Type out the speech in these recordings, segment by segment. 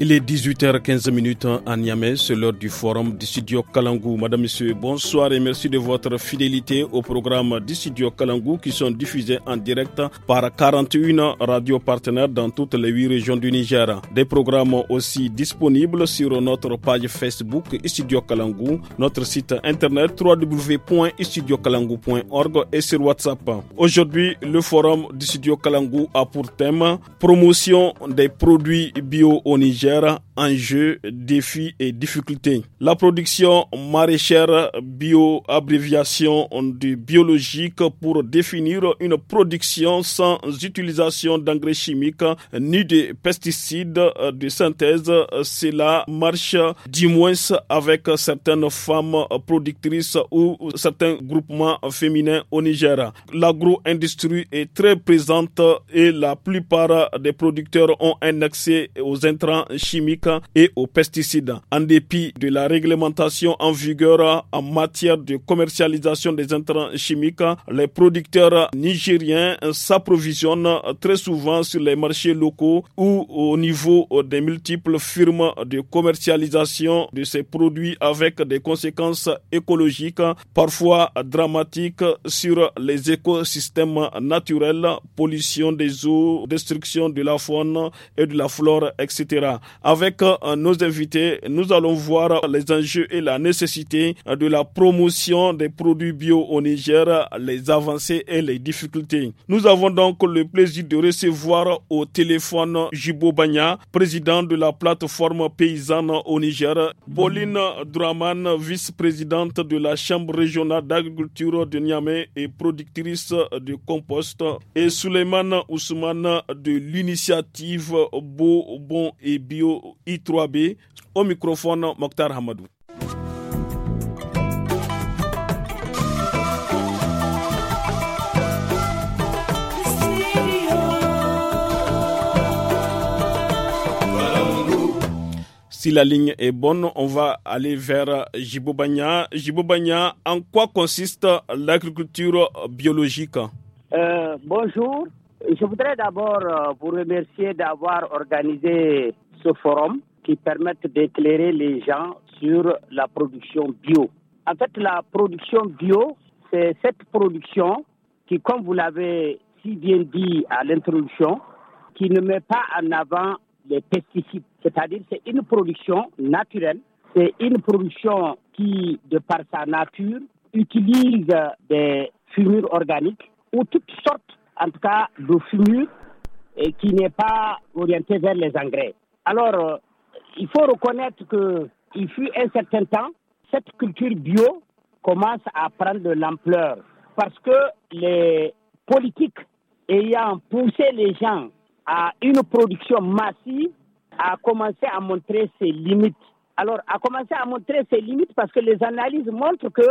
Il est 18h15 à Niamey, c'est l'heure du forum d'Issidio studio Kalangou. Madame, Monsieur, bonsoir et merci de votre fidélité au programme d'Issidio studio Kalangou qui sont diffusés en direct par 41 radios partenaires dans toutes les 8 régions du Niger. Des programmes aussi disponibles sur notre page Facebook Studio Kalangou, notre site internet www.studiokalangou.org et sur WhatsApp. Aujourd'hui, le forum d'Issidio studio Kalangou a pour thème promotion des produits bio au Niger Jetta enjeux, défis et difficultés. La production maraîchère bio, abréviation du biologique pour définir une production sans utilisation d'engrais chimiques ni de pesticides de synthèse, cela marche du moins avec certaines femmes productrices ou certains groupements féminins au Niger. L'agro-industrie est très présente et la plupart des producteurs ont un accès aux intrants chimiques et aux pesticides. En dépit de la réglementation en vigueur en matière de commercialisation des intrants chimiques, les producteurs nigériens s'approvisionnent très souvent sur les marchés locaux ou au niveau des multiples firmes de commercialisation de ces produits avec des conséquences écologiques parfois dramatiques sur les écosystèmes naturels, pollution des eaux, destruction de la faune et de la flore, etc. Avec avec euh, nos invités, nous allons voir les enjeux et la nécessité euh, de la promotion des produits bio au Niger, les avancées et les difficultés. Nous avons donc le plaisir de recevoir au téléphone Jibo Banya, président de la plateforme paysanne au Niger, Pauline Draman, vice-présidente de la Chambre régionale d'agriculture de Niamey et productrice de compost, et Suleiman Ousmane de l'initiative Beau, Bon et Bio I3B. Au microphone, Mokhtar Hamadou. Si la ligne est bonne, on va aller vers Jibo bagna en quoi consiste l'agriculture biologique euh, Bonjour. Je voudrais d'abord euh, vous remercier d'avoir organisé ce forum qui permettent d'éclairer les gens sur la production bio. En fait, la production bio, c'est cette production qui, comme vous l'avez si bien dit à l'introduction, qui ne met pas en avant les pesticides. C'est-à-dire, c'est une production naturelle, c'est une production qui, de par sa nature, utilise des fumures organiques ou toutes sortes, en tout cas, de fumures et qui n'est pas orientée vers les engrais. Alors, euh, il faut reconnaître qu'il fut un certain temps, cette culture bio commence à prendre de l'ampleur parce que les politiques ayant poussé les gens à une production massive a commencé à montrer ses limites. Alors, a commencé à montrer ses limites parce que les analyses montrent que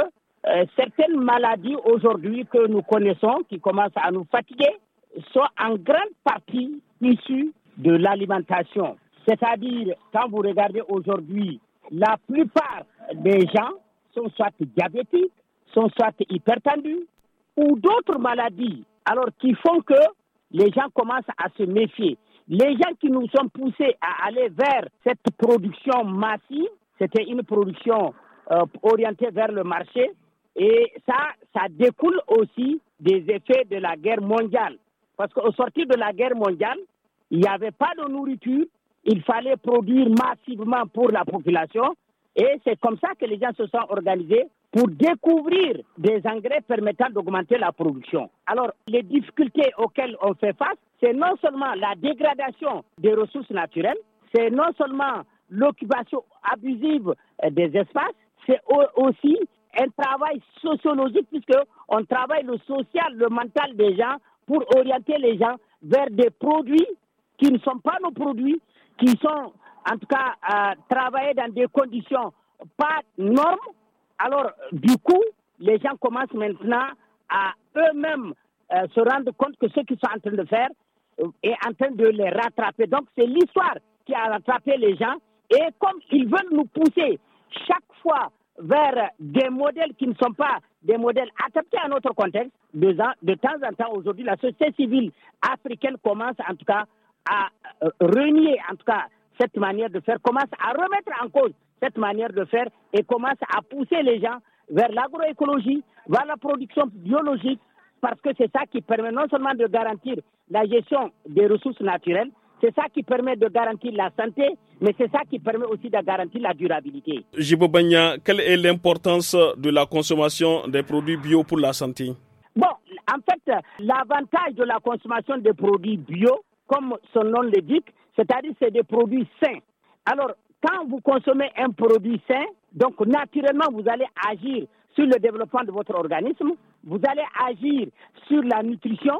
euh, certaines maladies aujourd'hui que nous connaissons, qui commencent à nous fatiguer, sont en grande partie issues de l'alimentation. C'est-à-dire, quand vous regardez aujourd'hui, la plupart des gens sont soit diabétiques, sont soit hypertendus ou d'autres maladies, alors qui font que les gens commencent à se méfier. Les gens qui nous ont poussés à aller vers cette production massive, c'était une production euh, orientée vers le marché, et ça, ça découle aussi des effets de la guerre mondiale. Parce qu'au sortir de la guerre mondiale, il n'y avait pas de nourriture, il fallait produire massivement pour la population. Et c'est comme ça que les gens se sont organisés pour découvrir des engrais permettant d'augmenter la production. Alors, les difficultés auxquelles on fait face, c'est non seulement la dégradation des ressources naturelles, c'est non seulement l'occupation abusive euh, des espaces, c'est aussi un travail sociologique puisque on travaille le social, le mental des gens pour orienter les gens vers des produits qui ne sont pas nos produits, qui sont en tout cas à euh, travaillés dans des conditions pas normes. Alors du coup, les gens commencent maintenant à eux-mêmes euh, se rendre compte que ce qu'ils sont en train de faire euh, est en train de les rattraper. Donc c'est l'histoire qui a rattrapé les gens. Et comme ils veulent nous pousser chaque fois vers des modèles qui ne sont pas des modèles adaptés à notre contexte, de temps en temps aujourd'hui, la société civile africaine commence en tout cas à euh, renier en tout cas cette manière de faire, commence à remettre en cause cette manière de faire et commence à pousser les gens vers l'agroécologie, vers la production biologique, parce que c'est ça qui permet non seulement de garantir la gestion des ressources naturelles, c'est ça qui permet de garantir la santé, mais c'est ça qui permet aussi de garantir la durabilité. Jibo Bagna, quelle est l'importance de la consommation des produits bio pour la santé Bon, en fait, l'avantage de la consommation des produits bio, comme son nom le c'est-à-dire c'est des produits sains. Alors, quand vous consommez un produit sain, donc naturellement, vous allez agir sur le développement de votre organisme, vous allez agir sur la nutrition,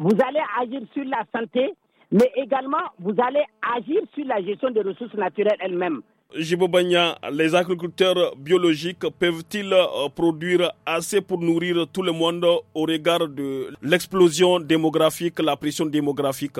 vous allez agir sur la santé, mais également, vous allez agir sur la gestion des ressources naturelles elles-mêmes. Jibobanya, les agriculteurs biologiques peuvent-ils euh, produire assez pour nourrir tout le monde au regard de l'explosion démographique, la pression démographique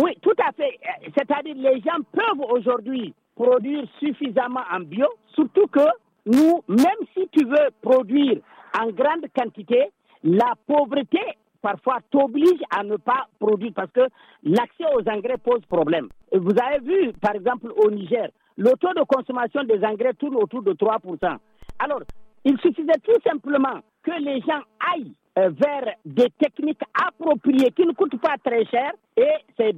oui, tout à fait. Euh, c'est-à-dire les gens peuvent aujourd'hui produire suffisamment en bio, surtout que nous, même si tu veux produire en grande quantité, la pauvreté parfois t'oblige à ne pas produire parce que l'accès aux engrais pose problème. Vous avez vu, par exemple, au Niger, le taux de consommation des engrais tourne autour de 3%. Alors, il suffisait tout simplement que les gens aillent euh, vers des techniques appropriées qui ne coûtent pas très cher. Et c'est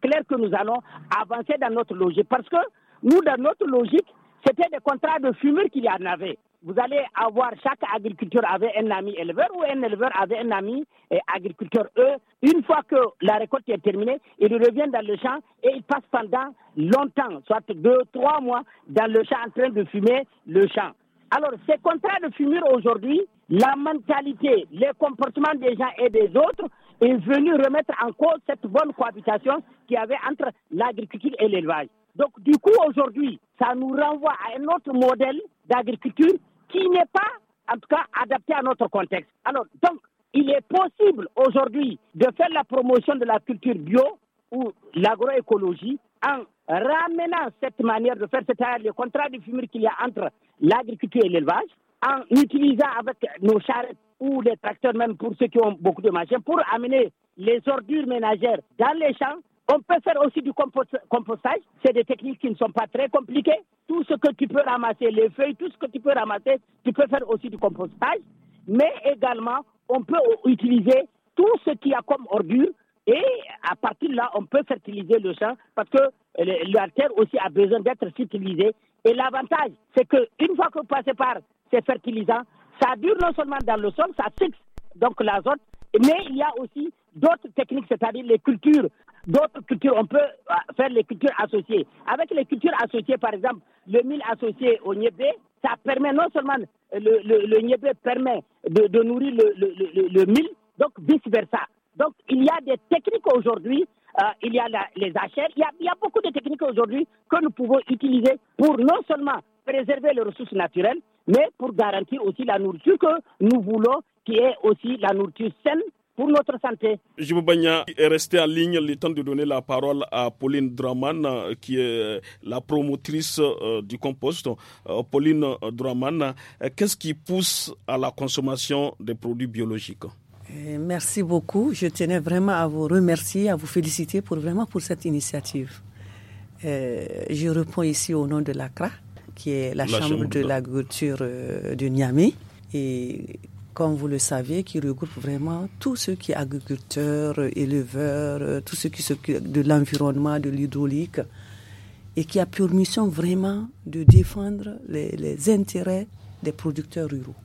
clair que nous allons avancer dans notre logique. Parce que nous, dans notre logique, c'était des contrats de fumure qu'il y en avait. Vous allez avoir, chaque agriculteur avait un ami éleveur ou un éleveur avait un ami euh, agriculteur. Eux, une fois que la récolte est terminée, ils reviennent dans le champ et ils passent pendant longtemps, soit deux, trois mois, dans le champ en train de fumer le champ. Alors, ces contrats de fumure aujourd'hui, la mentalité, les comportements des gens et des autres est venu remettre en cause cette bonne cohabitation qu'il y avait entre l'agriculture et l'élevage. Donc du coup, aujourd'hui, ça nous renvoie à un autre modèle d'agriculture qui n'est pas, en tout cas, adapté à notre contexte. Alors, donc, il est possible aujourd'hui de faire la promotion de la culture bio ou l'agroécologie en ramenant cette manière de faire, c'est-à-dire le contrat de fumure qu'il y a entre l'agriculture et l'élevage, en utilisant avec nos charrettes ou les tracteurs, même pour ceux qui ont beaucoup de machines, pour amener les ordures ménagères dans les champs. On peut faire aussi du compostage. C'est des techniques qui ne sont pas très compliquées. Tout ce que tu peux ramasser, les feuilles, tout ce que tu peux ramasser, tu peux faire aussi du compostage. Mais également, on peut utiliser tout ce qu'il y a comme ordure et à partir de là, on peut fertiliser le champ parce que la aussi a besoin d'être fertilisée. Et l'avantage, c'est qu'une fois que vous passez par ces fertilisants, ça dure non seulement dans le sol, ça fixe donc l'azote, mais il y a aussi d'autres techniques, c'est-à-dire les cultures. D'autres cultures, on peut euh, faire les cultures associées. Avec les cultures associées, par exemple, le mil associé au niébé, ça permet non seulement euh, le, le, le permet de, de nourrir le, le, le, mil, donc vice-versa. Donc il y a des techniques aujourd'hui, euh, il y a les achères, il y a, il y a beaucoup de techniques aujourd'hui que nous pouvons utiliser pour non seulement préserver les ressources naturelles, mais pour garantir aussi la nourriture que nous voulons, qui est aussi la nourriture saine pour notre santé. vous est resté en ligne le temps de donner la parole à Pauline Draman, qui est la promotrice euh, du compost. Euh, Pauline Draman, qu'est-ce qui pousse à la consommation des produits biologiques euh, Merci beaucoup. Je tenais vraiment à vous remercier, à vous féliciter pour vraiment pour cette initiative. je reprends ici au nom de l'ACRA qui est la, chambre, de l'agriculture euh, de Niamey. Et comme vous le savez, qui regroupe vraiment tous ceux qui sont agriculteurs, éleveurs, euh, tous ceux qui s'occupent de l'environnement, de l'hydraulique, et qui a pour mission vraiment de défendre les, intérêts des producteurs ruraux,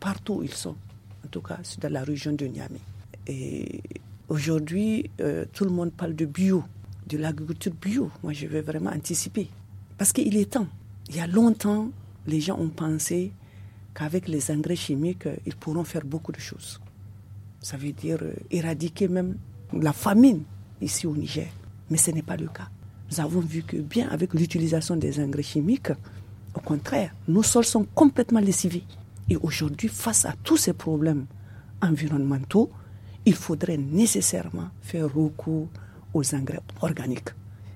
partout où ils sont, en tout cas dans la région de Niamey. Et aujourd'hui, euh, tout le monde parle de bio, de l'agriculture bio. Moi, je veux vraiment anticiper, parce qu'il est temps. Il y a longtemps, les gens ont pensé qu'avec les engrais chimiques, euh, ils pourront faire beaucoup de choses. Ça veut dire euh, éradiquer même la famine ici au Niger. Mais ce n'est pas le cas. Nous avons vu que bien avec l'utilisation des engrais chimiques, au contraire, nos sols sont complètement lessivés. Et aujourd'hui, face à tous ces problèmes environnementaux, il faudrait nécessairement faire recours aux engrais organiques.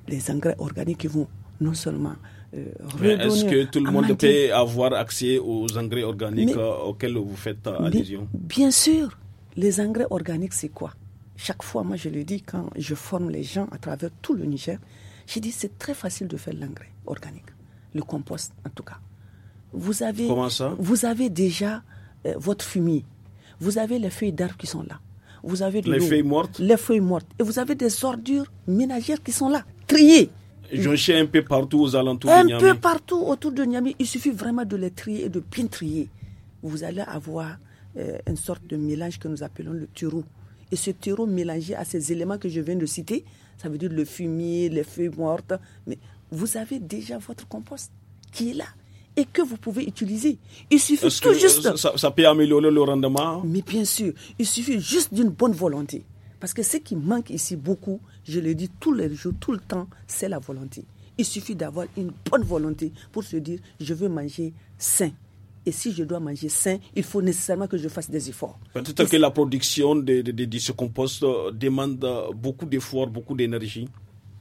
Les engrais organiques qui vont non seulement euh, est-ce que tout le monde peut avoir accès aux engrais organiques euh, auxquels vous faites euh, allusion Bien sûr. Les engrais organiques, c'est quoi Chaque fois, moi, je le dis quand je forme les gens à travers tout le Niger, je dis c'est très facile de faire l'engrais organique, le compost en tout cas. Vous avez, Comment ça vous avez déjà votre fumier, vous avez les feuilles d'arbres qui sont là, vous avez de les feuilles mortes, les feuilles mortes, et vous avez des ordures ménagères qui sont là, triées. Mm. cherche un peu partout aux alentours de Niamey. Un peu partout autour de Niamey. Il suffit vraiment de les trier et de bien trier. Vous allez avoir euh, une sorte de mélange que nous appelons le turo. Et ce turo mélangé à ces éléments que je viens de citer, ça veut dire le fumier, les feuilles mortes. Mais vous avez déjà votre compost qui est là et que vous pouvez utiliser. Il suffit tout juste. ça, peut améliorer le rendement. Mais bien sûr, il suffit juste d'une bonne volonté. Parce que ce qui manque ici beaucoup, je le dis tous les jours, tout le temps, c'est la volonté. Il suffit d'avoir une bonne volonté pour se dire, je veux manger sain. Et si je dois manger sain, il faut nécessairement que je fasse des efforts. Peut-être que la production de, de, ce compost euh, demande euh, beaucoup d'efforts, beaucoup d'énergie.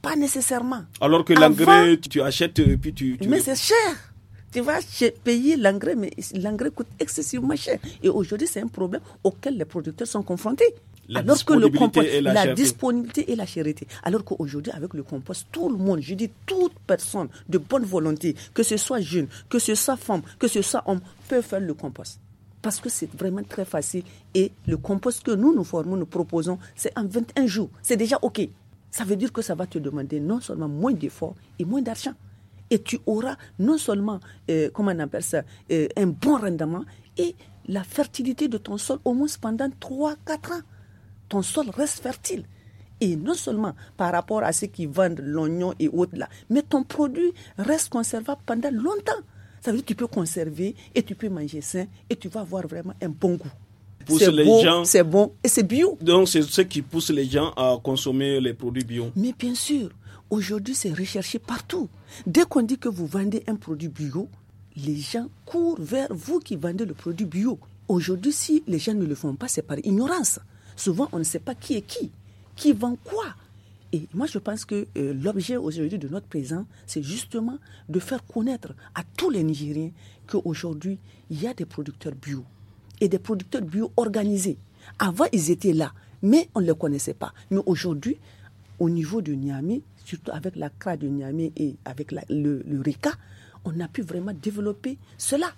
Pas nécessairement. Alors que l'engrais, tu, achètes et euh, puis tu... Mais c'est cher tu vas payer l'engrais, mais l'engrais coûte excessivement cher. Et aujourd'hui, c'est un problème auquel les producteurs sont confrontés. La le compost, la, disponibilité et la charité. Alors qu'aujourd'hui, avec le compost, tout le monde, je dis toute personne de bonne volonté, que ce soit jeune, que ce soit femme, que ce soit homme, peut faire le compost. Parce que c'est vraiment très facile et le compost que nous nous formons, nous proposons, c'est en 21 jours. C'est déjà OK. Ça veut dire que ça va te demander non seulement moins d'efforts et moins d'argent. Et tu auras non seulement, euh, comment on appelle ça, euh, un bon rendement et la fertilité de ton sol au moins pendant 3-4 ans ton sol reste fertile. Et non seulement par rapport à ceux qui vendent l'oignon et autres là, mais ton produit reste conservable pendant longtemps. Ça veut dire que tu peux conserver et tu peux manger sain et tu vas avoir vraiment un bon goût. C'est gens, c'est bon et c'est bio. Donc c'est ce qui pousse les gens à consommer les produits bio. Mais bien sûr, aujourd'hui c'est recherché partout. Dès qu'on dit que vous vendez un produit bio, les gens courent vers vous qui vendez le produit bio. Aujourd'hui, si les gens ne le font pas, c'est par ignorance souvent on ne sait pas qui est qui, qui vend quoi. Et moi, je pense que euh, l'objet aujourd'hui de notre présent, c'est justement de faire connaître à tous les Nigériens qu'aujourd'hui, il y a des producteurs bio et des producteurs bio organisés. Avant, ils étaient là, mais on ne les connaissait pas. Mais aujourd'hui, au niveau de Niamey, surtout avec la CRA de Niamey et avec le, le RICA, on a pu vraiment développer cela.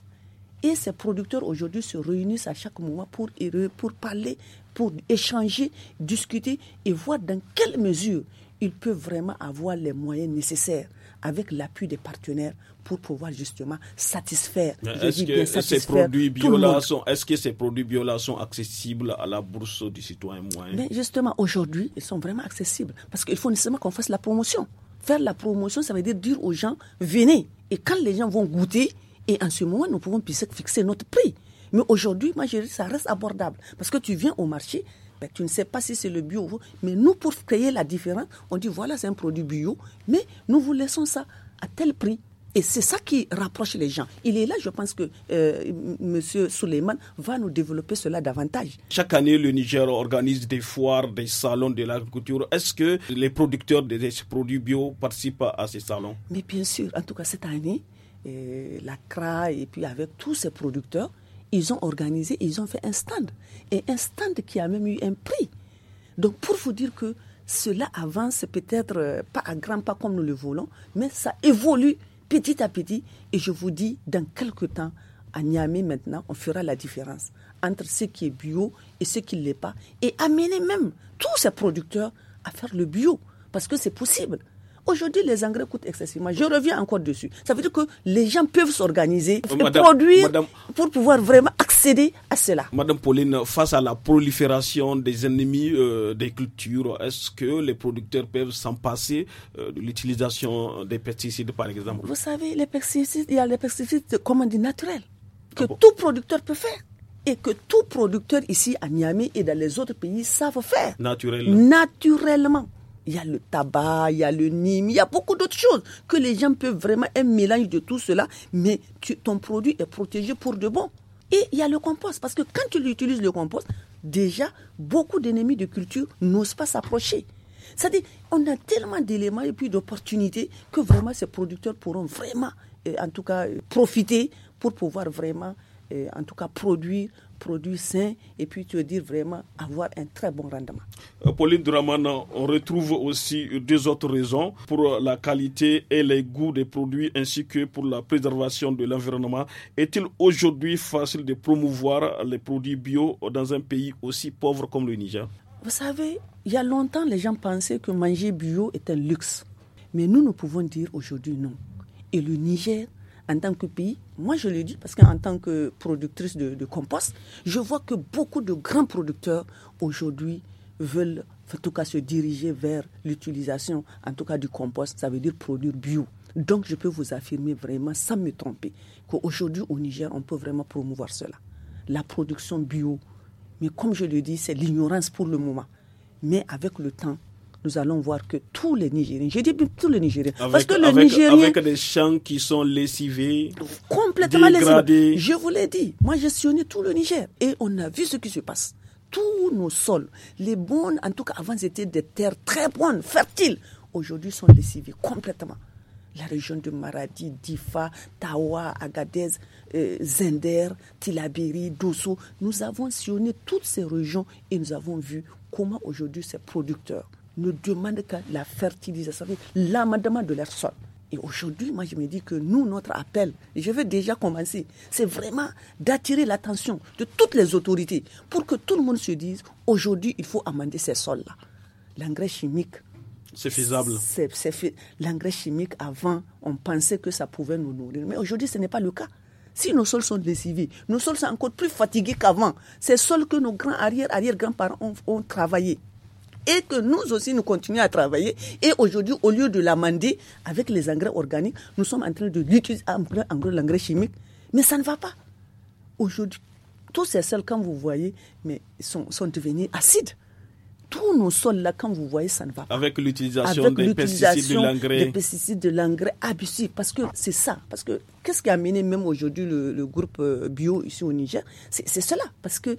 Et ces producteurs aujourd'hui se réunissent à chaque moment pour, pour parler pour échanger, discuter et voir dans quelle mesure il peut vraiment avoir les moyens nécessaires avec l'appui des partenaires pour pouvoir justement satisfaire. Est-ce que, ces produits est-ce que ces produits bio sont accessibles à la bourse du citoyen moyen Mais justement, aujourd'hui, ils sont vraiment accessibles parce qu'il faut nécessairement qu'on fasse la promotion. Faire la promotion, ça veut dire dire aux gens, venez. Et quand les gens vont goûter, et en ce moment, nous pouvons fixer notre prix. Mais aujourd'hui, moi, je ça reste abordable. Parce que tu viens au marché, ben, tu ne sais pas si c'est le bio ou Mais nous, pour créer la différence, on dit, voilà, c'est un produit bio, mais nous vous laissons ça à tel prix. Et c'est ça qui rapproche les gens. Il est là, je pense que Monsieur M. Souleyman va nous développer cela davantage. Chaque année, le Niger organise des foires, des salons de l'agriculture. Est-ce que les producteurs de produits bio participent à ces salons Mais bien sûr, en tout cas cette année, euh, la CRA et puis avec tous ces producteurs, ils ont organisé, ils ont fait un stand. Et un stand qui a même eu un prix. Donc pour vous dire que cela avance peut-être euh, pas à grands pas comme nous le voulons, mais ça évolue petit à petit. Et je vous dis, dans quelques temps, à Niamey maintenant, on fera la différence entre ce qui est bio et ce qui ne l'est pas. Et amener même tous ces producteurs à faire le bio, parce que c'est possible. Aujourd'hui, les engrais coûtent excessivement. Je reviens encore dessus. Ça veut dire que les gens peuvent s'organiser euh, et produire pour pouvoir vraiment accéder à cela. Madame Pauline, face à la prolifération des ennemis euh, des cultures, est-ce que les producteurs peuvent s'en passer euh, de l'utilisation des pesticides, par exemple Vous savez, les pesticides, il y a les pesticides, comme on dit, naturels, ah que tout producteur peut faire et que tout producteur ici à Miami et dans les autres pays savent faire. Naturellement. Naturellement il y a le tabac, il y a le nîmes, il y a beaucoup d'autres choses que les gens peuvent vraiment un mélange de tout cela, mais ton produit est protégé pour de bon. Et il y a le compost, parce que quand tu utilises le compost, déjà, beaucoup d'ennemis de culture n'osent pas s'approcher. C'est-à-dire, on a tellement d'éléments et puis d'opportunités que vraiment ces producteurs pourront vraiment, euh, en tout cas, euh, profiter pour pouvoir vraiment euh, en tout cas produire, produits sains et puis tu veux dire vraiment avoir un très bon rendement. Euh, Pauline Draman, on retrouve aussi deux autres raisons pour la qualité et les goûts des produits ainsi que pour la préservation de l'environnement. Est-il aujourd'hui facile de promouvoir les produits bio dans un pays aussi pauvre comme le Niger Vous savez, il y a longtemps, les gens pensaient que manger bio était un luxe. Mais nous, nous pouvons dire aujourd'hui non. Et le Niger en tant que pays, moi je le dis parce qu'en tant que productrice de, compost, je vois que beaucoup de grands producteurs aujourd'hui veulent en tout cas se diriger vers l'utilisation en tout cas du compost, ça veut dire produire bio. Donc je peux vous affirmer vraiment sans me tromper qu'aujourd'hui au Niger, on peut vraiment promouvoir cela. La production bio, mais comme je le dis, c'est l'ignorance pour le moment. Mais avec le temps, nous allons voir que tous les Nigériens, j'ai dit tous les Nigériens, parce que le Nigérien, avec des champs qui sont lessivés, complètement lessivés. Je vous l'ai dit, moi j'ai sillonné tout le Niger et on a vu ce qui se passe. Tous nos sols, les bonnes, en tout cas avant c'était des terres très bonnes, fertiles, aujourd'hui sont lessivés complètement. La région de Maradi, Difa, Tawa, Agadez, Zinder, euh, Zender, Tilabiri, Dosso, nous avons sillonné toutes ces régions et nous avons vu comment aujourd'hui ces producteurs ne demandent qu'à la fertilisation, l'amendement de leur sol. Et aujourd'hui, moi, je me dis que nous, notre appel, et je vais déjà commencer, c'est vraiment d'attirer l'attention de toutes les autorités pour que tout le monde se dise, aujourd'hui, il faut amender ces sols-là. L'engrais chimique, c'est faisable. L'engrais chimique, avant, on pensait que ça pouvait nous nourrir. Mais aujourd'hui, ce n'est pas le cas. Si nos sols sont décivés, nos sols sont encore plus fatigués qu'avant. Ces sols que nos grands arrière-arrière-grands-parents ont, ont travaillé et que nous aussi, nous continuons à travailler. Et aujourd'hui, au lieu de l'amender avec les engrais organiques, nous sommes en train de l'utiliser, en gros, l'engrais chimique. Mais ça ne va pas. Aujourd'hui, tous ces sols, quand vous voyez, mais sont, sont devenus acides tous nos sols-là, quand vous voyez, ça ne va pas. Avec l'utilisation des pesticides, de l'engrais. Des pesticides, de l'engrais Parce que c'est ça. Parce que qu'est-ce qui a mené même aujourd'hui le, groupe euh, bio ici au Niger C'est cela. Parce que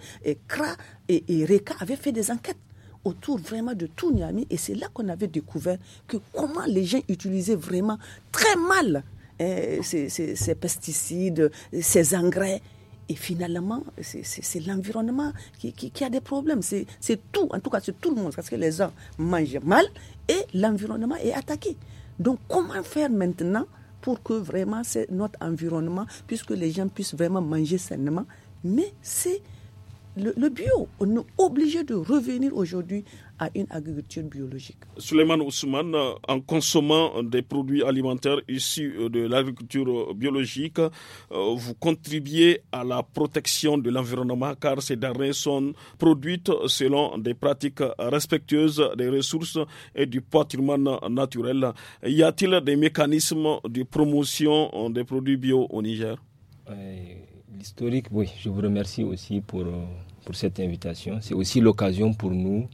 CRA eh, et, et, RECA avaient fait des enquêtes autour vraiment de tout Niamey. Et c'est là qu'on avait découvert que comment les gens utilisaient vraiment très mal euh, ces, pesticides, ces engrais. Et finalement, c'est l'environnement qui, qui, a des problèmes. C'est tout, en tout cas, c'est tout le monde, parce que les gens mangent mal et l'environnement est attaqué. Donc, comment faire maintenant pour que vraiment notre environnement, puisque les gens puissent vraiment manger sainement Mais c'est le, bio. On est de revenir aujourd'hui à une agriculture biologique. Suleiman Ousmane, en consommant des produits alimentaires issus euh, de l'agriculture biologique, euh, vous contribuez à la protection de l'environnement car ces denrées sont produites selon des pratiques respectueuses des ressources et du patrimoine naturel. Y a-t-il des mécanismes de promotion des produits bio au Niger euh, Historique, oui, je vous remercie aussi pour, euh, pour cette invitation. C'est aussi l'occasion pour nous,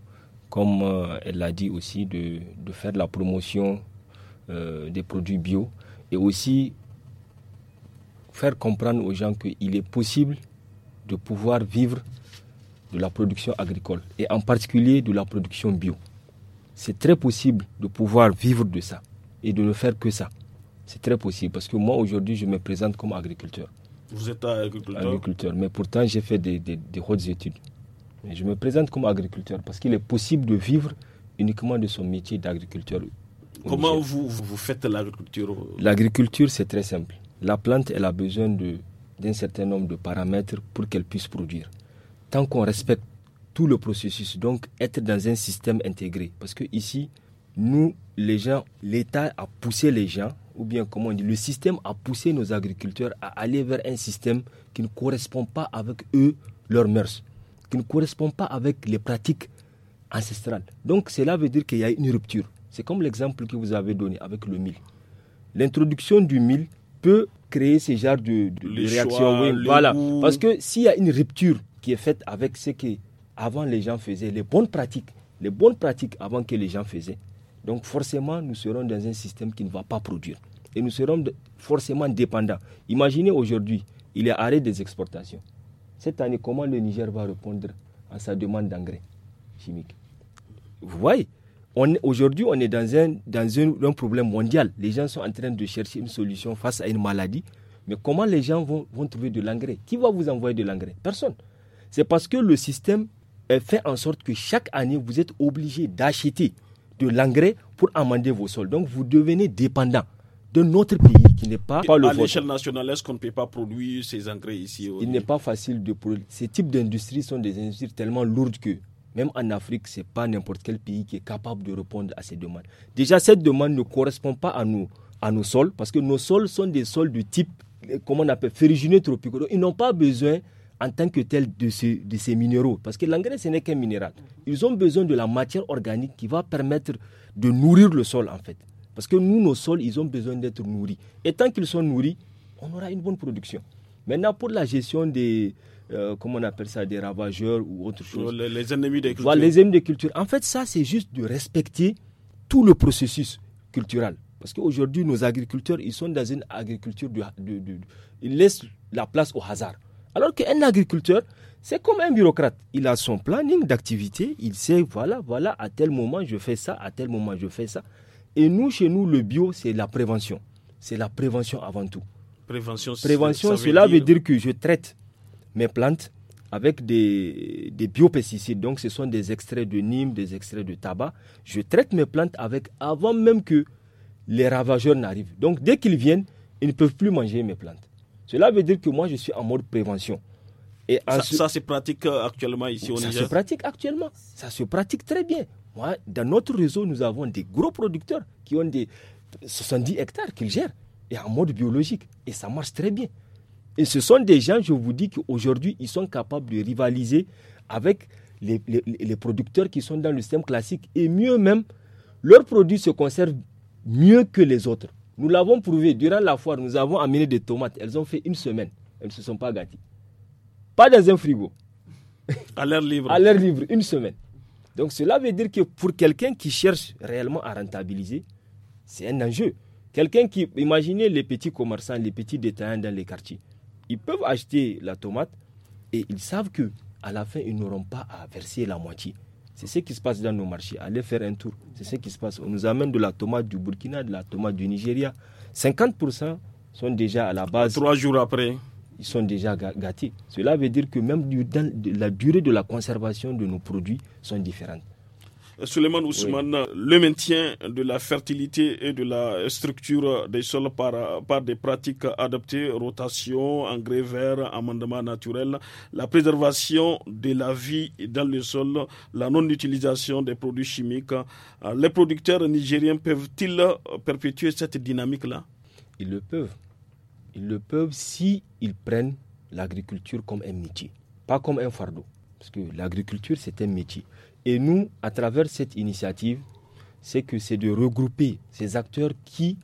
comme euh, elle l'a dit aussi, de, faire la promotion euh, des produits bio et aussi faire comprendre aux gens qu'il est possible de pouvoir vivre de la production agricole et en particulier de la production bio. C'est très possible de pouvoir vivre de ça et de ne faire que ça. C'est très possible parce que moi aujourd'hui je me présente comme agriculteur. Vous êtes agriculteur Agriculteur, mais pourtant j'ai fait des, des, des, hautes études. je me présente comme agriculteur parce qu'il est possible de vivre uniquement de son métier d'agriculteur. Comment vous, faites l'agriculture L'agriculture, c'est très simple. La plante, elle a besoin d'un certain nombre de paramètres pour qu'elle puisse produire. Tant qu'on respecte tout le processus, donc être dans un système intégré. Parce que ici, nous, les gens, l'État a poussé les gens ou bien comment on dit, le système a poussé nos agriculteurs à aller vers un système qui ne correspond pas avec eux, leurs mœurs, qui ne correspond pas avec les pratiques ancestrales. Donc cela veut dire qu'il y a une rupture. C'est comme l'exemple que vous avez donné avec le mil. L'introduction du mil peut créer ce genre de, réaction. voilà. Parce que s'il y a une rupture qui est faite avec ce que avant les gens faisaient, les bonnes pratiques, les bonnes pratiques avant que les gens faisaient, donc forcément, nous serons dans un système qui ne va pas produire. Et nous serons forcément dépendants. Imaginez aujourd'hui, il y a arrêt des exportations. Cette année, comment le Niger va répondre à sa demande d'engrais chimiques Vous voyez Aujourd'hui, on est dans, un, dans un, problème mondial. Les gens sont en train de chercher une solution face à une maladie. Mais comment les gens vont, vont trouver de l'engrais Qui va vous envoyer de l'engrais Personne. C'est parce que le système fait en sorte que chaque année, vous êtes obligé d'acheter de l'engrais pour amender vos sols. Donc vous devenez dépendant de notre pays qui n'est pas, pas le À l'échelle nationale, est-ce qu'on ne peut pas produire ces engrais ici Il n'est pas facile de produire. Ces types d'industries sont des industries tellement lourdes que même en Afrique, ce n'est pas n'importe quel pays qui est capable de répondre à ces demandes. Déjà, cette demande ne correspond pas à nous, à nos sols, parce que nos sols sont des sols du type, euh, comment on appelle, ferrugineux tropicaux. Ils n'ont pas besoin en tant que tel de, de ces minéraux. Parce que l'engrais, ce n'est qu'un minéral. Ils ont besoin de la matière organique qui va permettre de nourrir le sol, en fait. Parce que nous, nos sols, ils ont besoin d'être nourris. Et tant qu'ils sont nourris, on aura une bonne production. Maintenant, pour la gestion des, euh, comment on appelle ça, des ravageurs ou autre chose. Les, ennemis des cultures. les ennemis des cultures. En fait, ça, c'est juste de respecter tout le processus culturel. Parce qu'aujourd'hui, nos agriculteurs, ils sont dans une agriculture de, Ils laissent la place au hasard. Alors qu'un agriculteur, c'est comme un bureaucrate. Il a son planning d'activité, il sait, voilà, voilà, à tel moment je fais ça, à tel moment je fais ça. Et nous, chez nous, le bio, c'est la prévention. C'est la prévention avant tout. Prévention, prévention cela veut dire... que je traite mes plantes avec des, biopesticides. Donc, ce sont des extraits de nîmes, des extraits de tabac. Je traite mes plantes avec avant même que les ravageurs n'arrivent. Donc, dès qu'ils viennent, ils ne peuvent plus manger mes plantes. Cela veut dire que moi, je suis en mode prévention. Et ça, se pratique euh, actuellement ici au Niger Ça se pratique actuellement. Ça se pratique très bien. Moi, dans notre réseau, nous avons des gros producteurs qui ont des 70 hectares qu'ils gèrent et en mode biologique. Et ça marche très bien. Et ce sont des gens, je vous dis qu'aujourd'hui, ils sont capables de rivaliser avec les, producteurs qui sont dans le système classique. Et mieux même, leurs produits se conservent mieux que les autres. Nous l'avons prouvé. Durant la foire, nous avons amené des tomates. Elles ont fait une semaine. Elles ne se sont pas gâtées. Pas dans un frigo. À l'air libre. à l'air libre, une semaine. Donc cela veut dire que pour quelqu'un qui cherche réellement à rentabiliser, c'est un enjeu. Quelqu'un qui, imaginez les petits commerçants, les petits détaillants dans les quartiers, ils peuvent acheter la tomate et ils savent que à la fin ils n'auront pas à verser la moitié. C'est ce qui se passe dans nos marchés. Allez faire un tour. C'est ce qui se passe. On nous amène de la tomate du Burkina, de la tomate du Nigeria. 50% sont déjà à la base. Trois jours après. Ils sont déjà gâtés. Cela veut dire que même la durée de la conservation de nos produits sont différentes. Suleiman Ousmane, le maintien de la fertilité et de la structure des sols par, des pratiques adaptées, rotation, engrais verts, amendement naturel, la préservation de la vie dans le sol, la non-utilisation des produits chimiques. Les producteurs nigériens peuvent-ils perpétuer cette dynamique-là Ils le peuvent. Ils le peuvent s'ils prennent l'agriculture comme un métier, pas comme un fardeau. Parce que l'agriculture, c'est un métier. Et nous, à travers cette initiative, c'est que c'est de regrouper ces acteurs qui,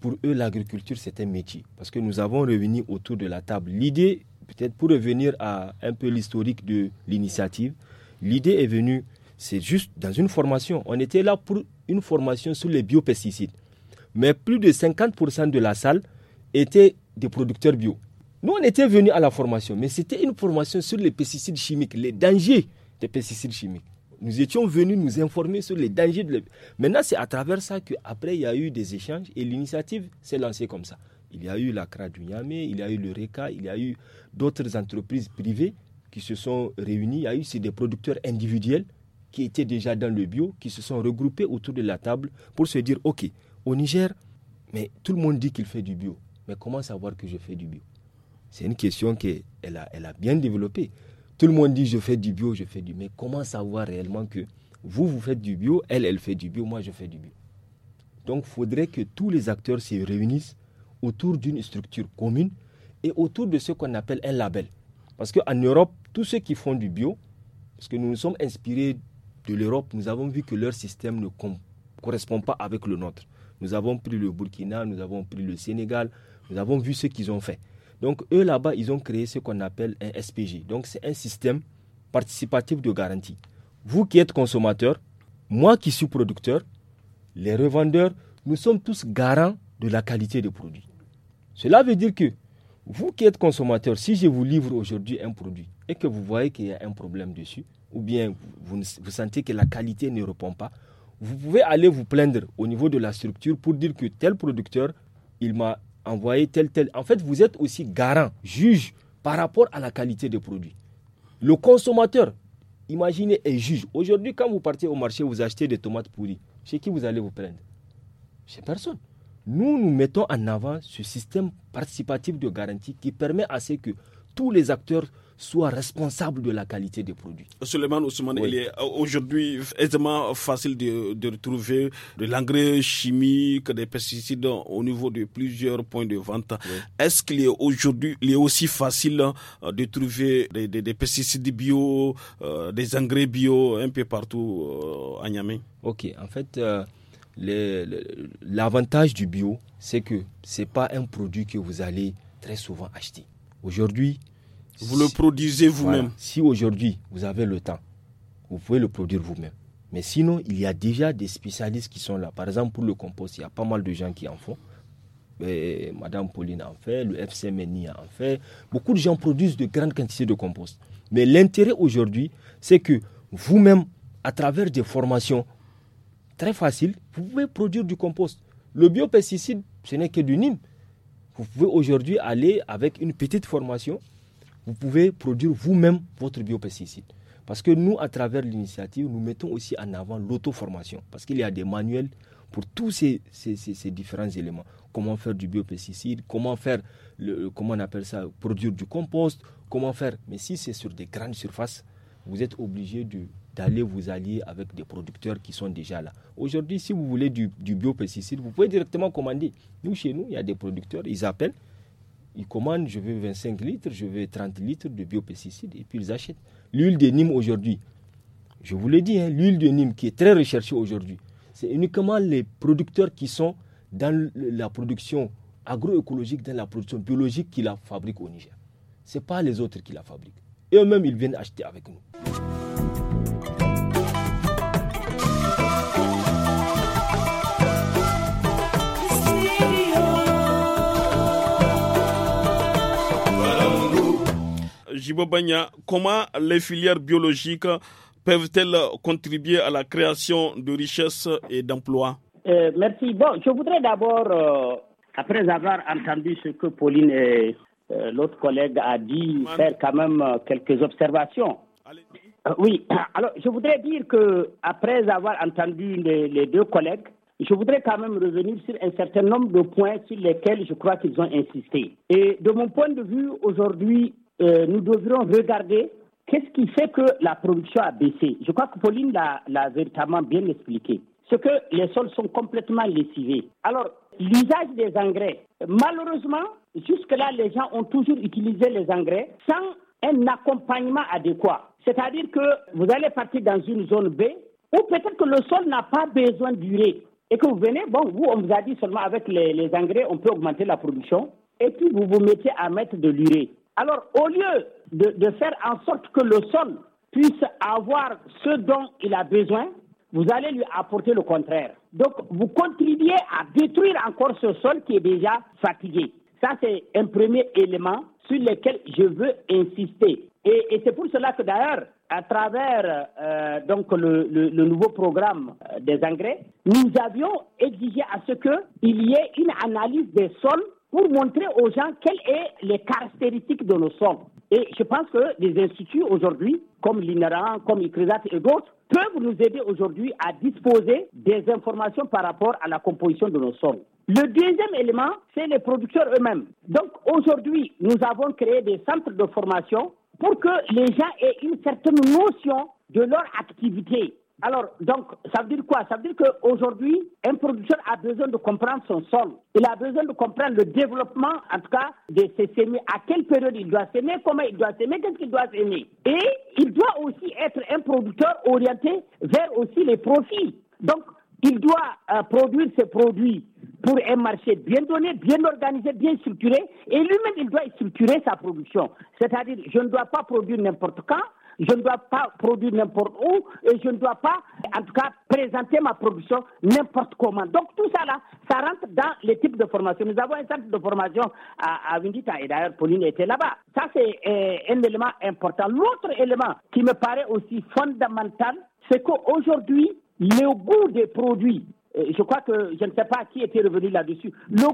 pour eux, l'agriculture, c'est un métier. Parce que nous avons réuni autour de la table l'idée, peut-être pour revenir à un peu l'historique de l'initiative, l'idée est venue, c'est juste dans une formation. On était là pour une formation sur les biopesticides. Mais plus de 50% de la salle étaient des producteurs bio. Nous, on était venus à la formation, mais c'était une formation sur les pesticides chimiques, les dangers des pesticides chimiques. Nous étions venus nous informer sur les dangers. De Maintenant, c'est à travers ça qu'après, il y a eu des échanges et l'initiative s'est lancée comme ça. Il y a eu la CRA du il y a eu le RECA, il y a eu d'autres entreprises privées qui se sont réunies. Il y a eu des producteurs individuels qui étaient déjà dans le bio, qui se sont regroupés autour de la table pour se dire, OK, au Niger, mais tout le monde dit qu'il fait du bio. Mais comment savoir que je fais du bio c'est une question qu'elle a, elle a bien développée. Tout le monde dit je fais du bio, je fais du mais comment savoir réellement que vous vous faites du bio, elle elle fait du bio, moi je fais du bio. Donc il faudrait que tous les acteurs se réunissent autour d'une structure commune et autour de ce qu'on appelle un label. Parce qu'en Europe, tous ceux qui font du bio, parce que nous nous sommes inspirés de l'Europe, nous avons vu que leur système ne correspond pas avec le nôtre. Nous avons pris le Burkina, nous avons pris le Sénégal, nous avons vu ce qu'ils ont fait. Donc eux là-bas, ils ont créé ce qu'on appelle un SPG. Donc c'est un système participatif de garantie. Vous qui êtes consommateur, moi qui suis producteur, les revendeurs, nous sommes tous garants de la qualité des produits. Cela veut dire que vous qui êtes consommateur, si je vous livre aujourd'hui un produit et que vous voyez qu'il y a un problème dessus, ou bien vous, vous sentez que la qualité ne répond pas, vous pouvez aller vous plaindre au niveau de la structure pour dire que tel producteur, il m'a envoyer tel, tel. En fait, vous êtes aussi garant, juge par rapport à la qualité des produits. Le consommateur, imaginez, est juge. Aujourd'hui, quand vous partez au marché, vous achetez des tomates pourries. Chez qui vous allez vous prendre Chez personne. Nous, nous mettons en avant ce système participatif de garantie qui permet à ce que tous les acteurs soit responsable de la qualité des produits. Suleiman Ousmane, il est euh, aujourd'hui facile de, retrouver de l'engrais chimique, des pesticides au niveau de plusieurs points de vente. Est-ce qu'il est aujourd'hui, il est aussi facile euh, de trouver des, pesticides bio, euh, des engrais bio un peu partout à Niamey Ok, en fait. l'avantage du bio, c'est que ce n'est pas un produit que vous allez très souvent acheter. Aujourd'hui, vous le produisez vous-même. Si aujourd'hui vous avez le temps, vous pouvez le produire vous-même. Mais sinon, il y a déjà des spécialistes qui sont là. Par exemple, pour le compost, il y a pas mal de gens qui en font. Madame Pauline en fait, le FCMNI en fait. Beaucoup de gens produisent de grandes quantités de compost. Mais l'intérêt aujourd'hui, c'est que vous-même, à travers des formations très faciles, vous pouvez produire du compost. Le biopesticide, ce n'est que du Nîmes. Vous pouvez aujourd'hui aller avec une petite formation vous pouvez produire vous-même votre biopesticide. Parce que nous, à travers l'initiative, nous mettons aussi en avant l'auto-formation. Parce qu'il y a des manuels pour tous ces, ces, différents éléments. Comment faire du biopesticide, comment faire, le, comment on appelle ça, produire du compost, comment faire. Mais si c'est sur des grandes surfaces, vous êtes obligé d'aller vous allier avec des producteurs qui sont déjà là. Aujourd'hui, si vous voulez du, du biopesticide, vous pouvez directement commander. Nous, chez nous, il y a des producteurs, ils appellent, ils commandent, je veux 25 litres, je veux 30 litres de biopesticides et puis ils achètent. L'huile de Nîmes aujourd'hui, je vous l'ai dit, hein, l'huile de Nîmes qui est très recherchée aujourd'hui, c'est uniquement les producteurs qui sont dans la production agroécologique, dans la production biologique qui la fabriquent au Niger. Ce n'est pas les autres qui la fabriquent. Et eux-mêmes, ils viennent acheter avec nous. Jibobanya, comment les filières biologiques peuvent-elles contribuer à la création de richesses et d'emplois euh, Merci. Bon, je voudrais d'abord, euh, après avoir entendu ce que Pauline et euh, l'autre collègue a dit, faire quand même quelques observations. oui, alors je voudrais dire que après avoir entendu les, les deux collègues, je voudrais quand même revenir sur un certain nombre de points sur lesquels je crois qu'ils ont insisté. Et de mon point de vue, aujourd'hui, euh, nous devrions regarder qu'est-ce qui fait que la production a baissé. Je crois que Pauline l'a véritablement bien expliqué. C'est que les sols sont complètement lessivés. Alors, l'usage des engrais, malheureusement, jusque-là, les gens ont toujours utilisé les engrais sans un accompagnement adéquat. C'est-à-dire que vous allez partir dans une zone B où peut-être que le sol n'a pas besoin d'urée et que vous venez, bon, vous, on vous a dit seulement avec les engrais, on peut augmenter la production et puis vous vous mettez à mettre de l'urée. Alors, au lieu de, faire en sorte que le sol puisse avoir ce dont il a besoin, vous allez lui apporter le contraire. Donc, vous contribuez à détruire encore ce sol qui est déjà fatigué. Ça, c'est un premier élément sur lequel je veux insister. Et, c'est pour cela que d'ailleurs, à travers euh, donc le, le, nouveau programme euh, des engrais, nous avions exigé à ce qu'il y ait une analyse des sols pour montrer aux gens quelles sont les caractéristiques de nos sols. Et je pense que les instituts aujourd'hui, comme l'INERAN, comme l'ICRESAT et d'autres, peuvent nous aider aujourd'hui à disposer des informations par rapport à la composition de nos sols. Le deuxième élément, c'est les producteurs eux-mêmes. Donc aujourd'hui, nous avons créé des centres de formation pour que les gens aient une certaine notion de leur activité alors, donc, ça veut dire quoi Ça veut dire qu'aujourd'hui, un producteur a besoin de comprendre son sol. Il a besoin de comprendre le développement, en tout cas, de ses semis. À quelle période il doit s'aimer, comment il doit s'aimer, qu'est-ce qu'il doit s'aimer. Et il doit aussi être un producteur orienté vers aussi les profits. Donc, il doit euh, produire ses produits pour un marché bien donné, bien organisé, bien structuré. Et lui-même, il doit structurer sa production. C'est-à-dire, je ne dois pas produire n'importe quand je ne dois pas produire n'importe où et je ne dois pas, en tout cas, présenter ma production n'importe comment. Donc tout ça là, ça rentre dans les types de formation. Nous avons un centre de formation à, à et d'ailleurs Pauline était là-bas. Ça c'est euh, un élément important. L'autre élément qui me paraît aussi fondamental, c'est qu'aujourd'hui, le goût des produits, euh, je crois que je ne sais pas qui était revenu là-dessus, le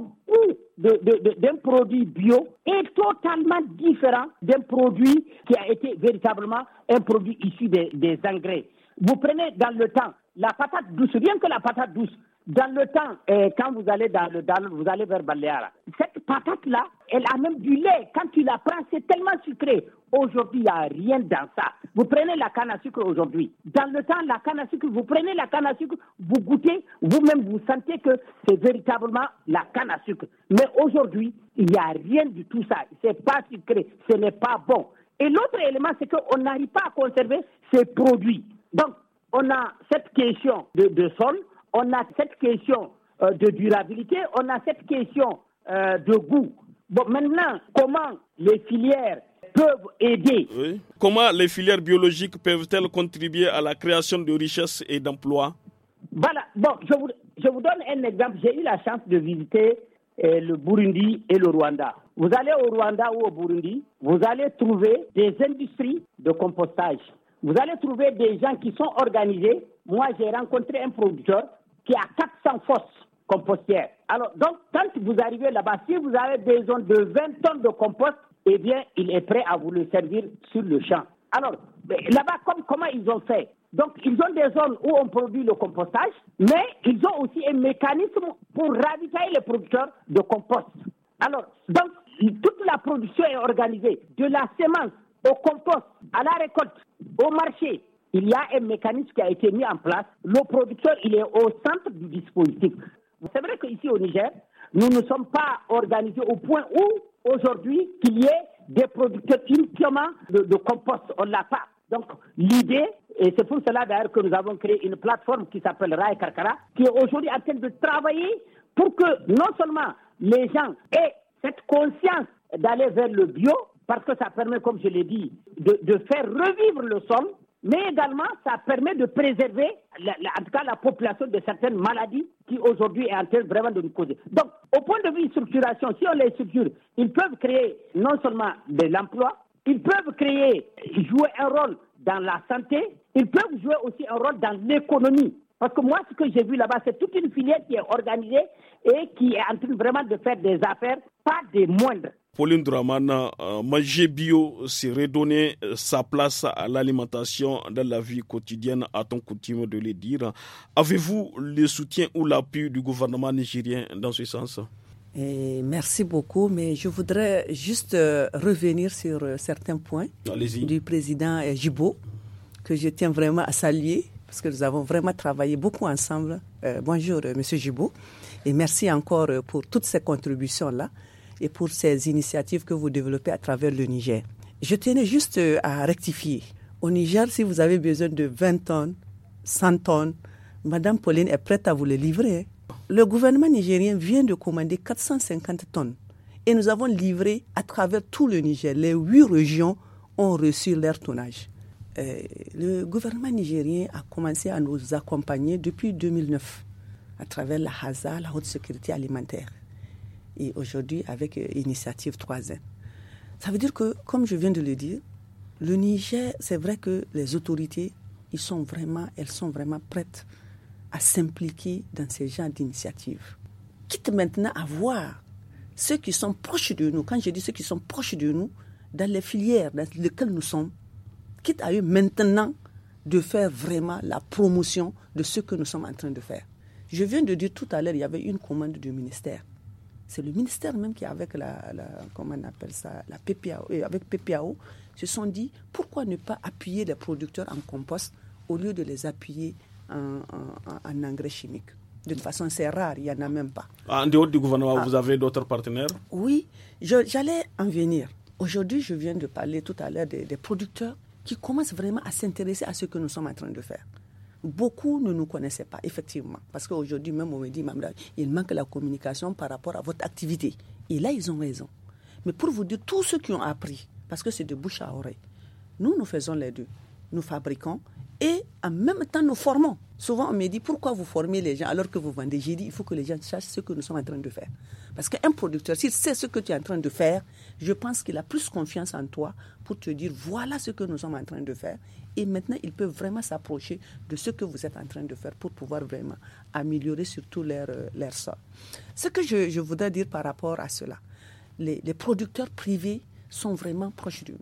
d'un produit bio est totalement différent d'un produit qui a été véritablement un produit issu des, engrais. Vous prenez dans le temps la patate douce, rien que la patate douce, dans le temps, eh, quand vous allez dans le vous allez vers Baleara. Cette patate-là, elle a même du lait. Quand tu la prends, c'est tellement sucré. Aujourd'hui, il n'y a rien dans ça. Vous prenez la canne à sucre aujourd'hui. Dans le temps, la canne à sucre, vous prenez la canne à sucre, vous goûtez, vous-même, vous sentez que c'est véritablement la canne à sucre. Mais aujourd'hui, il n'y a rien du tout ça. C'est pas sucré, ce n'est pas bon. Et l'autre élément, c'est qu'on n'arrive pas à conserver ces produits. Donc, on a cette question de, de sol, on a cette question euh, de durabilité, on a cette question euh, de goût. Bon, maintenant, comment les filières peuvent aider Comment les filières biologiques peuvent-elles contribuer à la création de richesses et d'emplois Voilà, bon, je vous, donne un exemple. J'ai eu la chance de visiter euh, le Burundi et le Rwanda. Vous allez au Rwanda ou au Burundi, vous allez trouver des industries de compostage. Vous allez trouver des gens qui sont organisés. Moi, j'ai rencontré un producteur qui a 400 fosses compostières. Alors, donc, quand vous arrivez là-bas, si vous avez besoin de 20 tonnes de compost, eh bien, il est prêt à vous le servir sur le champ. Alors, là-bas, comment ils ont fait Donc, ils ont des zones où on produit le compostage, mais ils ont aussi un mécanisme pour ravitailler les producteurs de compost. Alors, donc, toute la production est organisée, de la semence au compost, à la récolte, au marché, il y a un mécanisme qui a été mis en place. Le producteur, il est au centre du dispositif. C'est vrai qu'ici au Niger, nous ne sommes pas organisés au point où aujourd'hui qu'il y ait des producteurs uniquement de, de compost. On ne l'a pas. Donc l'idée, et c'est pour cela d'ailleurs que nous avons créé une plateforme qui s'appelle Rai Karkara, qui est aujourd'hui en train de travailler pour que non seulement les gens aient cette conscience d'aller vers le bio, parce que ça permet, comme je l'ai dit, de, de faire revivre le sol, mais également ça permet de préserver, en tout cas, la population de certaines maladies qui aujourd'hui est en train vraiment de nous causer. Donc, au point de vue structuration, si on les structure, ils peuvent créer non seulement de l'emploi, ils peuvent créer, jouer un rôle dans la santé, ils peuvent jouer aussi un rôle dans l'économie. Parce que moi, ce que j'ai vu là-bas, c'est toute une filière qui est organisée et qui est en train vraiment de faire des affaires, pas des moindres. Pauline Dramana, euh, manger bio, c'est redonner euh, sa place à l'alimentation dans la vie quotidienne, à ton coutume de le dire. Avez-vous le soutien ou l'appui du gouvernement nigérien dans ce sens merci beaucoup, mais je voudrais juste euh, revenir sur certains points du président Jibo, que je tiens vraiment à saluer, parce que nous avons vraiment travaillé beaucoup ensemble. bonjour, Monsieur Jibo. et merci encore pour toutes ces contributions-là et pour ces initiatives que vous développez à travers le Niger. Je tenais juste euh, à rectifier. Au Niger, si vous avez besoin de 20 tonnes, 100 tonnes, Madame Pauline est prête à vous les livrer. Hein. Le gouvernement nigérien vient de commander 450 tonnes et nous avons livré à travers tout le Niger. Les huit régions ont reçu leur tonnage. Euh, le gouvernement nigérien a commencé à nous accompagner depuis 2009 à travers la HASA, la Haute Sécurité Alimentaire et aujourd'hui avec euh, Initiative 3N. Ça veut dire que, comme je viens de le dire, le Niger, c'est vrai que les autorités, ils sont vraiment, elles sont vraiment prêtes à s'impliquer dans ces genres d'initiatives. Quitte maintenant à voir ceux qui sont proches de nous, quand je dis ceux qui sont proches de nous, dans les filières dans lesquelles nous sommes, quitte à eux maintenant de faire vraiment la promotion de ce que nous sommes en train de faire. Je viens de dire tout à l'heure, il y avait une commande du ministère c'est le ministère même qui, avec la, comment on appelle ça, la PPAO, euh, avec PPAO, se sont dit pourquoi ne pas appuyer les producteurs en compost au lieu de les appuyer en, engrais chimique. D'une façon, c'est rare, il n'y en a même pas. Ah, en dehors du gouvernement, vous avez d'autres partenaires Oui, j'allais en venir. Aujourd'hui, je viens de parler tout à l'heure des producteurs qui commencent vraiment à s'intéresser à ce que nous sommes en train de faire beaucoup ne nous connaissaient pas, effectivement. Parce qu'aujourd'hui, même, on me dit, il manque la communication par rapport à votre activité. Et là, ils ont raison. Mais pour vous dire, tous ceux qui ont appris, parce que c'est de bouche à oreille, nous, nous faisons les deux. Nous fabriquons et en même temps, nous formons. Souvent, on me dit, pourquoi vous formez les gens alors que vous vendez J'ai dit, il faut que les gens sachent ce que nous sommes en train de faire. Parce qu'un producteur, s'il sait ce que tu es en train de faire, je pense qu'il a plus confiance en toi pour te dire voilà ce que nous sommes en train de faire. Et maintenant, il peut vraiment s'approcher de ce que vous êtes en train de faire pour pouvoir vraiment améliorer surtout leur, euh, leur sort. Ce que je, voudrais dire par rapport à cela, les, producteurs privés sont vraiment proches de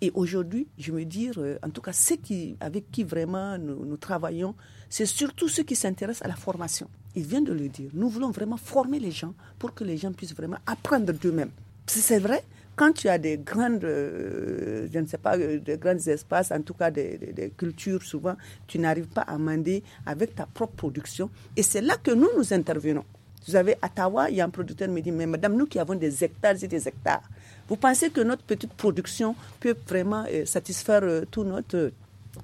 Et aujourd'hui, je me dire, euh, en tout cas, ceux qui, avec qui vraiment nous travaillons, c'est surtout ceux qui s'intéressent à la formation il vient de le dire, nous voulons vraiment former les gens pour que les gens puissent vraiment apprendre d'eux-mêmes. c'est vrai, quand tu as des grandes, euh, je ne sais pas, euh, des grands espaces, en tout cas des, cultures, souvent, tu n'arrives pas à mander avec ta propre production. Et c'est là que nous, nous intervenons. Vous avez Ottawa, il y a un producteur qui me dit, mais madame, nous qui avons des hectares et des hectares, vous pensez que notre petite production peut vraiment euh, satisfaire tout notre,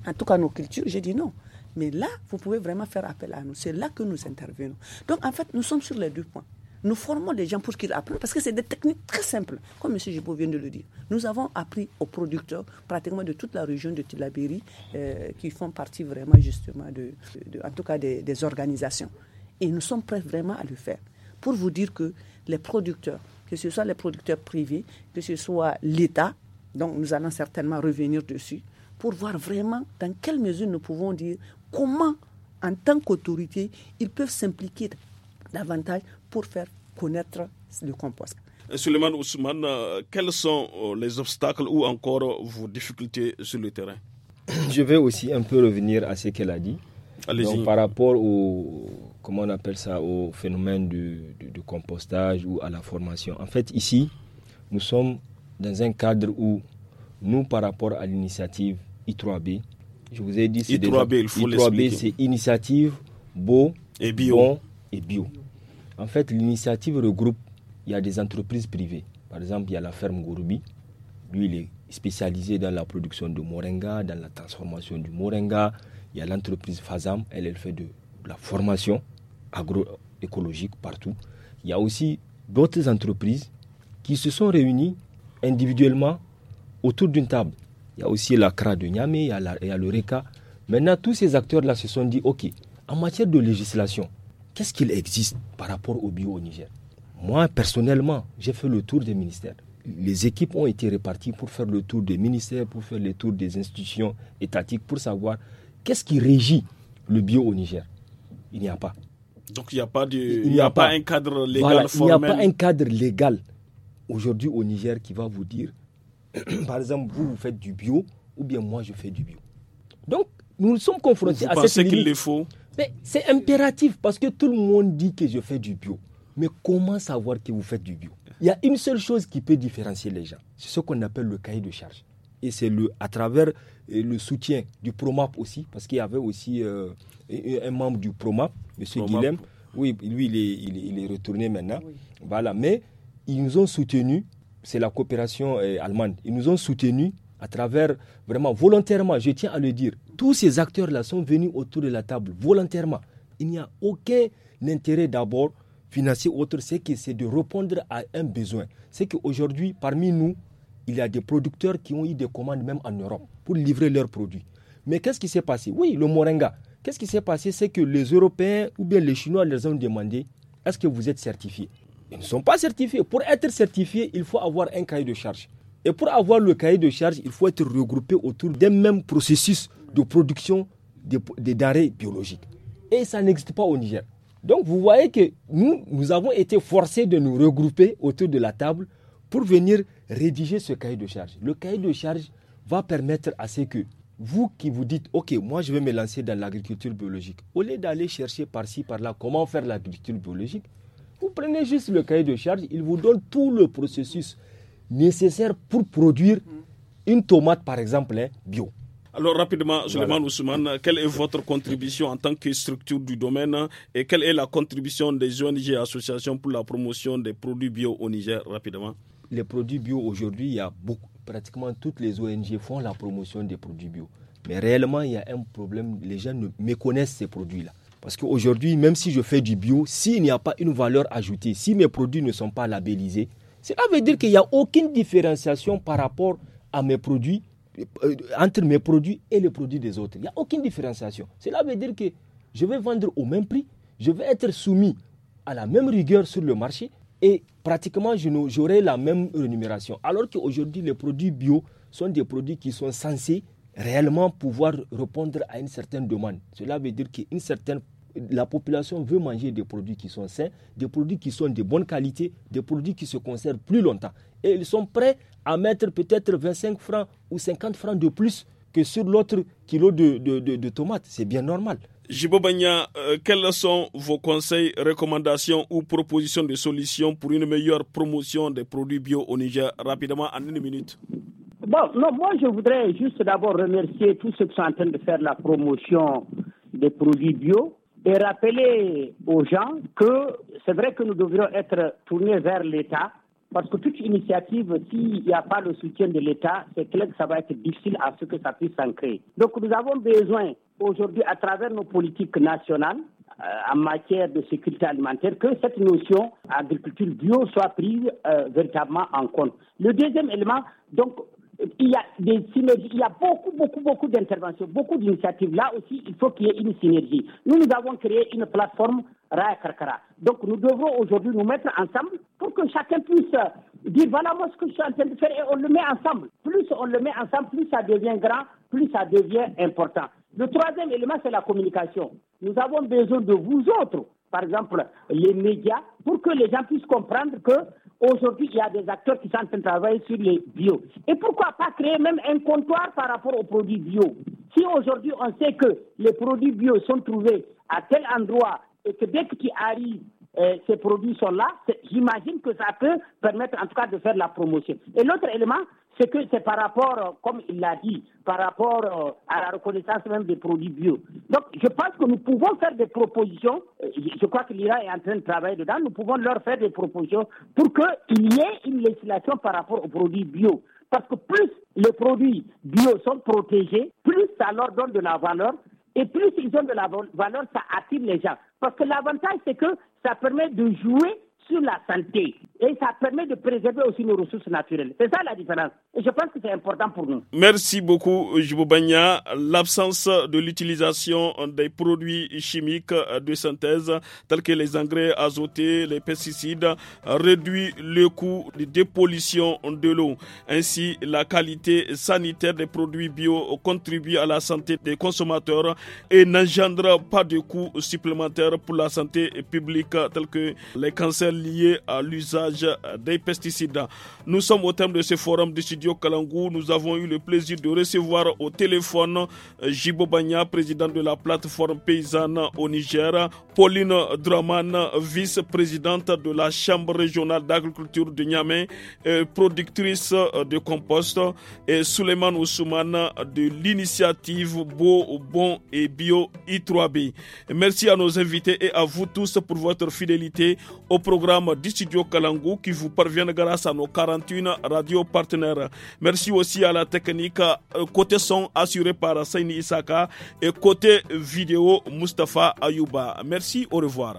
en tout cas nos cultures J'ai dit non. Mais là, vous pouvez vraiment faire appel à nous. C'est là que nous intervenons. Donc, en fait, nous sommes sur les deux points. Nous formons des gens pour qu'ils apprennent, parce que c'est des techniques très simples, comme M. Jibo vient de le dire. Nous avons appris aux producteurs pratiquement de toute la région de Tilabéry, euh, qui font partie vraiment justement en tout cas des, des organisations. Et nous sommes prêts vraiment à le faire. Pour vous dire que les producteurs, que ce soit les producteurs privés, que ce soit l'État, donc nous allons certainement revenir dessus, pour voir vraiment dans quelle mesure nous pouvons dire comment, en tant qu'autorité, ils peuvent s'impliquer davantage pour faire connaître le compost. Euh, Suleiman Ousmane, euh, quels sont euh, les obstacles ou encore vos difficultés sur le terrain Je vais aussi un peu revenir à ce qu'elle a dit. par rapport au, comment on appelle ça, au phénomène du, du, compostage ou à la formation. En fait, ici, nous sommes dans un cadre où nous, par rapport à l'initiative I3B, je vous ai dit, c'est i 3 b c'est initiative, beau, et bio. bon et bio. En fait, l'initiative regroupe, il y a des entreprises privées. Par exemple, il y a la ferme Gouroubi. Lui, il est spécialisé dans la production de moringa, dans la transformation du moringa. Il y a l'entreprise Fazam, elle, elle fait de la formation agroécologique partout. Il y a aussi d'autres entreprises qui se sont réunies individuellement autour d'une table il y a aussi la CRA de Niamey, il y a, le RECA. Maintenant, tous ces acteurs-là se sont dit, OK, en matière de législation, qu'est-ce qu'il existe par rapport au bio au Niger Moi, personnellement, j'ai fait le tour des ministères. Les équipes ont été réparties pour faire le tour des ministères, pour faire le tour des institutions étatiques, pour savoir qu'est-ce qui régit le bio au Niger. Il n'y a pas. Donc il n'y a pas, de, il, a, pas, un cadre légal formel. Il n'y a pas un cadre légal aujourd'hui au Niger qui va vous dire par exemple, vous, vous faites du bio, ou bien moi, je fais du bio. Donc, nous sommes confrontés à cette limite. qu'il le faut Mais c'est impératif parce que tout le monde dit que je fais du bio. Mais comment savoir que vous faites du bio Il y a une seule chose qui peut différencier les gens. C'est ce qu'on appelle le cahier de charge. Et c'est le, à travers euh, le soutien du PROMAP aussi, parce qu'il y avait aussi euh, un membre du PROMAP, M. Promap. Oui, lui, il est, retourné maintenant. Voilà, mais ils nous ont soutenus c'est la coopération euh, allemande. Ils nous ont soutenus à travers, vraiment volontairement, je tiens à le dire, tous ces acteurs-là sont venus autour de la table volontairement. Il n'y a aucun intérêt d'abord financier autre, c'est que c'est de répondre à un besoin. C'est qu'aujourd'hui, parmi nous, il y a des producteurs qui ont eu des commandes même en Europe pour livrer leurs produits. Mais qu'est-ce qui s'est passé Oui, le Moringa. Qu'est-ce qui s'est passé C'est que les Européens ou bien les Chinois les ont demandé est-ce que vous êtes certifié ils ne sont pas certifiés. Pour être certifié, il faut avoir un cahier de charge. Et pour avoir le cahier de charge, il faut être regroupé autour d'un même processus de production des biologiques. Et ça n'existe pas au Niger. Donc vous voyez que nous, nous avons été forcés de nous regrouper autour de la table pour venir rédiger ce cahier de charge. Le cahier de charge va permettre à ce que vous qui vous dites, OK, moi je vais me lancer dans l'agriculture biologique, au lieu d'aller chercher par-ci, par-là comment faire l'agriculture biologique, vous prenez juste le cahier de charge, il vous donne tout le processus nécessaire pour produire une tomate, par exemple, hein, bio. Alors rapidement, Suleiman Ousmane, quelle est votre contribution en tant que structure du domaine et quelle est la contribution des ONG et associations pour la promotion des produits bio au Niger rapidement Les produits bio aujourd'hui, il y a beaucoup, pratiquement toutes les ONG font la promotion des produits bio. Mais réellement, il y a un problème, les gens ne méconnaissent ces produits-là. Parce qu'aujourd'hui, même si je fais du bio, s'il n'y a pas une valeur ajoutée, si mes produits ne sont pas labellisés, cela veut dire qu'il n'y a aucune différenciation par rapport à mes produits, euh, entre mes produits et les produits des autres. Il n'y a aucune différenciation. Cela veut dire que je vais vendre au même prix, je vais être soumis à la même rigueur sur le marché et pratiquement j'aurai la même rémunération. Alors qu'aujourd'hui, les produits bio sont des produits qui sont censés réellement pouvoir répondre à une certaine demande. Cela veut dire qu'une certaine la population veut manger des produits qui sont sains, des produits qui sont de bonne qualité, des produits qui se conservent plus longtemps. Et ils sont prêts à mettre peut-être 25 francs ou 50 francs de plus que sur l'autre kilo de, de, tomates. C'est bien normal. Jibobanya, euh, quels sont vos conseils, recommandations ou propositions de solutions pour une meilleure promotion des produits bio au Niger rapidement en une minute Bon, moi je voudrais juste d'abord remercier tous ceux qui sont en train de faire la promotion des produits bio et rappeler aux gens que c'est vrai que nous devrions être tournés vers l'État, parce que toute initiative, s'il n'y a pas le soutien de l'État, c'est clair que ça va être difficile à ce que ça puisse s'ancrer. Donc nous avons besoin aujourd'hui, à travers nos politiques nationales, euh, en matière de sécurité alimentaire, que cette notion agriculture bio soit prise euh, véritablement en compte. Le deuxième élément, donc, il y a des synergies, il y a beaucoup, beaucoup, beaucoup d'interventions, beaucoup d'initiatives. Là aussi, il faut qu'il y ait une synergie. Nous, nous avons créé une plateforme Raya Donc, nous devons aujourd'hui nous mettre ensemble pour que chacun puisse euh, dire voilà moi ce que je suis en train de faire et on le met ensemble. Plus on le met ensemble, plus ça devient grand, plus ça devient important. Le troisième élément, c'est la communication. Nous avons besoin de vous autres, par exemple les médias, pour que les gens puissent comprendre que Aujourd'hui, il y a des acteurs qui sont en train de travailler sur les bio. Et pourquoi pas créer même un comptoir par rapport aux produits bio Si aujourd'hui on sait que les produits bio sont trouvés à tel endroit et que dès qu'ils arrivent euh, ces produits sont là, j'imagine que ça peut permettre en tout cas de faire la promotion. Et l'autre élément, c'est que c'est par rapport, euh, comme il l'a dit, par rapport euh, à la reconnaissance même des produits bio. Donc, je pense que nous pouvons faire des propositions. Je crois que l'IRA est en train de travailler dedans. Nous pouvons leur faire des propositions pour qu'il y ait une législation par rapport aux produits bio. Parce que plus les produits bio sont protégés, plus ça leur donne de la valeur. Et plus ils ont de la valeur, ça attire les gens. Parce que l'avantage, c'est que ça permet de jouer sur la santé. Et ça permet de préserver aussi nos ressources naturelles. C'est ça la différence. Et je pense que c'est important pour nous. Merci beaucoup, Jiboubania. L'absence de l'utilisation des produits chimiques de synthèse, tels que les engrais azotés, les pesticides, réduit le coût de dépollution de l'eau. Ainsi, la qualité sanitaire des produits bio contribue à la santé des consommateurs et n'engendre pas de coûts supplémentaires pour la santé publique, tels que les cancers Liés à l'usage des pesticides. Nous sommes au thème de ce forum du studio Kalangou. Nous avons eu le plaisir de recevoir au téléphone euh, Jibo Bagna, président de la plateforme paysanne au Niger, Pauline Draman, vice-présidente de la Chambre régionale d'agriculture de Niamey, euh, productrice euh, de compost, et Suleiman Ousmane de l'initiative Beau, Bon et Bio I3B. Merci à nos invités et à vous tous pour votre fidélité au programme programme du studio qui vous parviennent grâce à nos 41 radios partenaires. Merci aussi à la technique euh, côté son assuré par Saini Isaka et côté vidéo Mustafa Ayouba. Merci, au revoir.